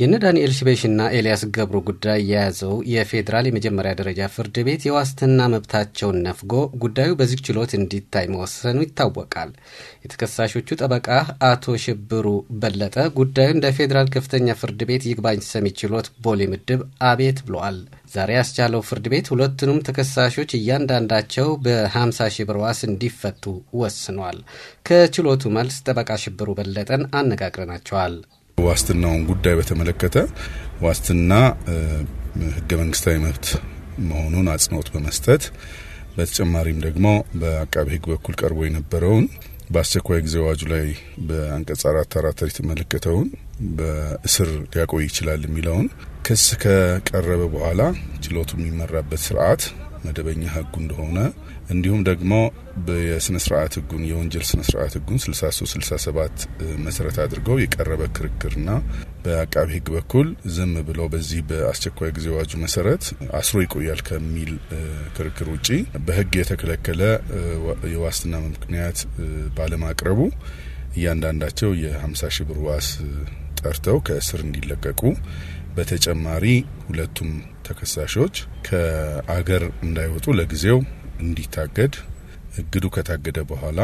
የነ ዳንኤል ሽቤሽና ኤልያስ ገብሩ ጉዳይ የያዘው የፌዴራል የመጀመሪያ ደረጃ ፍርድ ቤት የዋስትና መብታቸውን ነፍጎ ጉዳዩ በዚህ ችሎት እንዲታይ መወሰኑ ይታወቃል። የተከሳሾቹ ጠበቃ አቶ ሽብሩ በለጠ ጉዳዩን ለፌዴራል ከፍተኛ ፍርድ ቤት ይግባኝ ሰሚ ችሎት ቦሌ ምድብ አቤት ብለዋል። ዛሬ ያስቻለው ፍርድ ቤት ሁለቱንም ተከሳሾች እያንዳንዳቸው በ50 ሺህ ብር ዋስ እንዲፈቱ ወስኗል። ከችሎቱ መልስ ጠበቃ ሽብሩ በለጠን አነጋግረናቸዋል። ዋስትናውን ጉዳይ በተመለከተ ዋስትና ህገ መንግስታዊ መብት መሆኑን አጽንኦት በመስጠት በተጨማሪም ደግሞ በአቃቤ ህግ በኩል ቀርቦ የነበረውን በአስቸኳይ ጊዜ አዋጁ ላይ በአንቀጽ አራት አራት የተመለከተውን በእስር ሊያቆይ ይችላል የሚለውን ክስ ከቀረበ በኋላ ችሎቱ የሚመራበት ስርዓት መደበኛ ህጉ እንደሆነ እንዲሁም ደግሞ የስነ ስርዓት ህጉን የወንጀል ስነ ስርዓት ህጉን 63 67 መሰረት አድርገው የቀረበ ክርክርና በአቃቢ ህግ በኩል ዝም ብሎ በዚህ በአስቸኳይ ጊዜ አዋጁ መሰረት አስሮ ይቆያል ከሚል ክርክር ውጪ በህግ የተከለከለ የዋስትና ምክንያት ባለማቅረቡ እያንዳንዳቸው የ50 ሺህ ብር ዋስ ተጣርተው ከእስር እንዲለቀቁ በተጨማሪ ሁለቱም ተከሳሾች ከአገር እንዳይወጡ ለጊዜው እንዲታገድ እግዱ ከታገደ በኋላ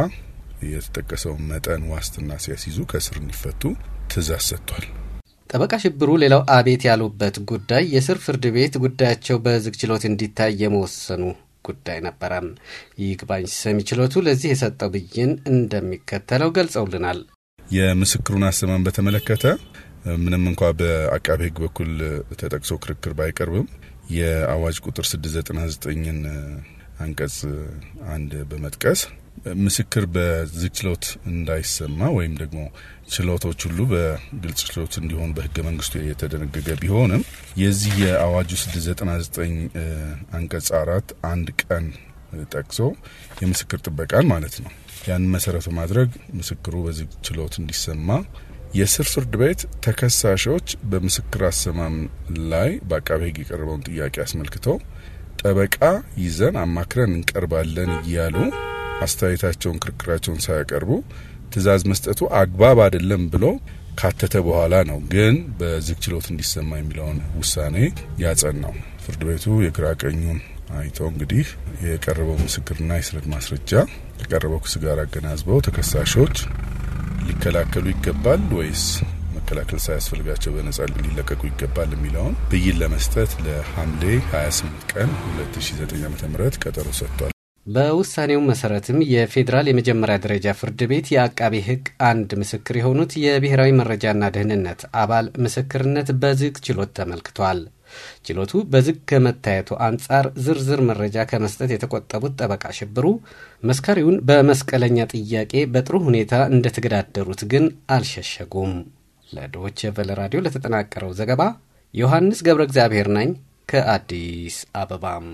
የተጠቀሰውን መጠን ዋስትና ሲያስይዙ ከእስር እንዲፈቱ ትእዛዝ ሰጥቷል። ጠበቃ ሽብሩ ሌላው አቤት ያሉበት ጉዳይ የስር ፍርድ ቤት ጉዳያቸው በዝግ ችሎት እንዲታይ የመወሰኑ ጉዳይ ነበረም። ይግባኝ ሰሚ ችሎቱ ለዚህ የሰጠው ብይን እንደሚከተለው ገልጸውልናል። የምስክሩን አሰማን በተመለከተ ምንም እንኳ በአቃቤ ህግ በኩል ተጠቅሶ ክርክር ባይቀርብም የአዋጅ ቁጥር 699ን አንቀጽ አንድ በመጥቀስ ምስክር በዝግ ችሎት እንዳይሰማ ወይም ደግሞ ችሎቶች ሁሉ በግልጽ ችሎት እንዲሆኑ በህገ መንግስቱ የተደነገገ ቢሆንም የዚህ የአዋጁ 699 አንቀጽ አራት አንድ ቀን ጠቅሶ የምስክር ጥበቃን ማለት ነው። ያን መሰረት በማድረግ ምስክሩ በዚህ ችሎት እንዲሰማ የስር ፍርድ ቤት ተከሳሾች በምስክር አሰማም ላይ በአቃቤ ሕግ የቀረበውን ጥያቄ አስመልክተው ጠበቃ ይዘን አማክረን እንቀርባለን እያሉ አስተያየታቸውን፣ ክርክራቸውን ሳያቀርቡ ትእዛዝ መስጠቱ አግባብ አይደለም ብሎ ካተተ በኋላ ነው ግን በዝግ ችሎት እንዲሰማ የሚለውን ውሳኔ ያጸናው። ፍርድ ቤቱ የግራ ቀኙን አይተው እንግዲህ የቀረበው ምስክርና የስረት ማስረጃ የቀረበው ክስ ጋር አገናዝበው ተከሳሾች ሊከላከሉ ይገባል ወይስ መከላከል ሳያስፈልጋቸው በነጻ ሊለቀቁ ይገባል የሚለውን ብይን ለመስጠት ለሐምሌ 28 ቀን 2009 ዓ ም ቀጠሮ ሰጥቷል። በውሳኔው መሰረትም የፌዴራል የመጀመሪያ ደረጃ ፍርድ ቤት የአቃቤ ሕግ አንድ ምስክር የሆኑት የብሔራዊ መረጃና ደህንነት አባል ምስክርነት በዝግ ችሎት ተመልክቷል። ችሎቱ በዝግ ከመታየቱ አንጻር ዝርዝር መረጃ ከመስጠት የተቆጠቡት ጠበቃ ሽብሩ መስካሪውን በመስቀለኛ ጥያቄ በጥሩ ሁኔታ እንደተገዳደሩት ግን አልሸሸጉም። ለዶች ቨለ ራዲዮ ለተጠናቀረው ዘገባ ዮሐንስ ገብረ እግዚአብሔር ነኝ ከአዲስ አበባም